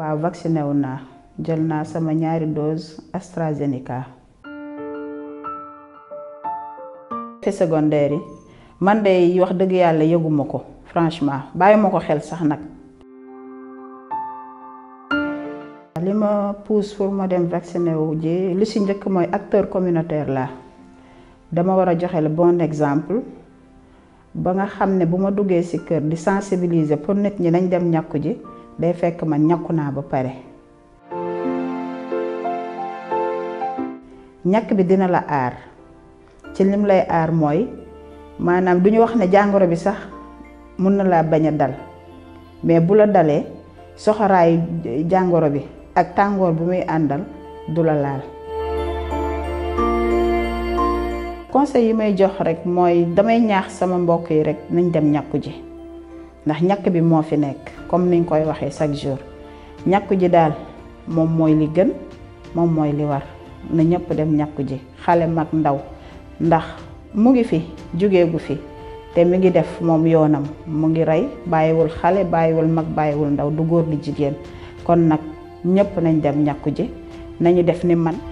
waaw vacciné wu naa jël naa sama ñaari dose AstraZeneca. effets secondaires yi man de wax dëgg yàlla yëguma ko franchement bàyyi ma ko xel sax nag. li ma pousse pour ma dem vacciné wu ji lu si njëkk mooy acteur communautaire la dama war a joxe la bon exemple ba nga xam ne bu ma duggee si kër di sensibiliser pour nit ñi nañ dem ñàkku ji. day fekk ma ñàkku naa ba pare ñàkk bi dina la aar ci lim lay aar mooy maanaam du wax ne jàngoro bi sax mun na laa bañ a dal mais bu la dalee soxoraayu jàngoro bi ak tàngoor bu muy àndal du la laal conseil yi may jox rek mooy damay ñaax sama mbokk yi rek nañ dem ñàkku ji ndax ñàkk bi moo fi nekk comme ni ñu koy waxee chaque jour ñàkku ji daal moom mooy li gën moom mooy li war na ñëpp dem ñàkku ji xale mag ndaw ndax mu ngi fi jóge gu fi te mi ngi def moom yoonam mu ngi rey bàyyiwul xale bàyyiwul mag bàyyiwul ndaw du góor di jigéen kon nag ñëpp nañ dem ñàkku ji nañu def ni man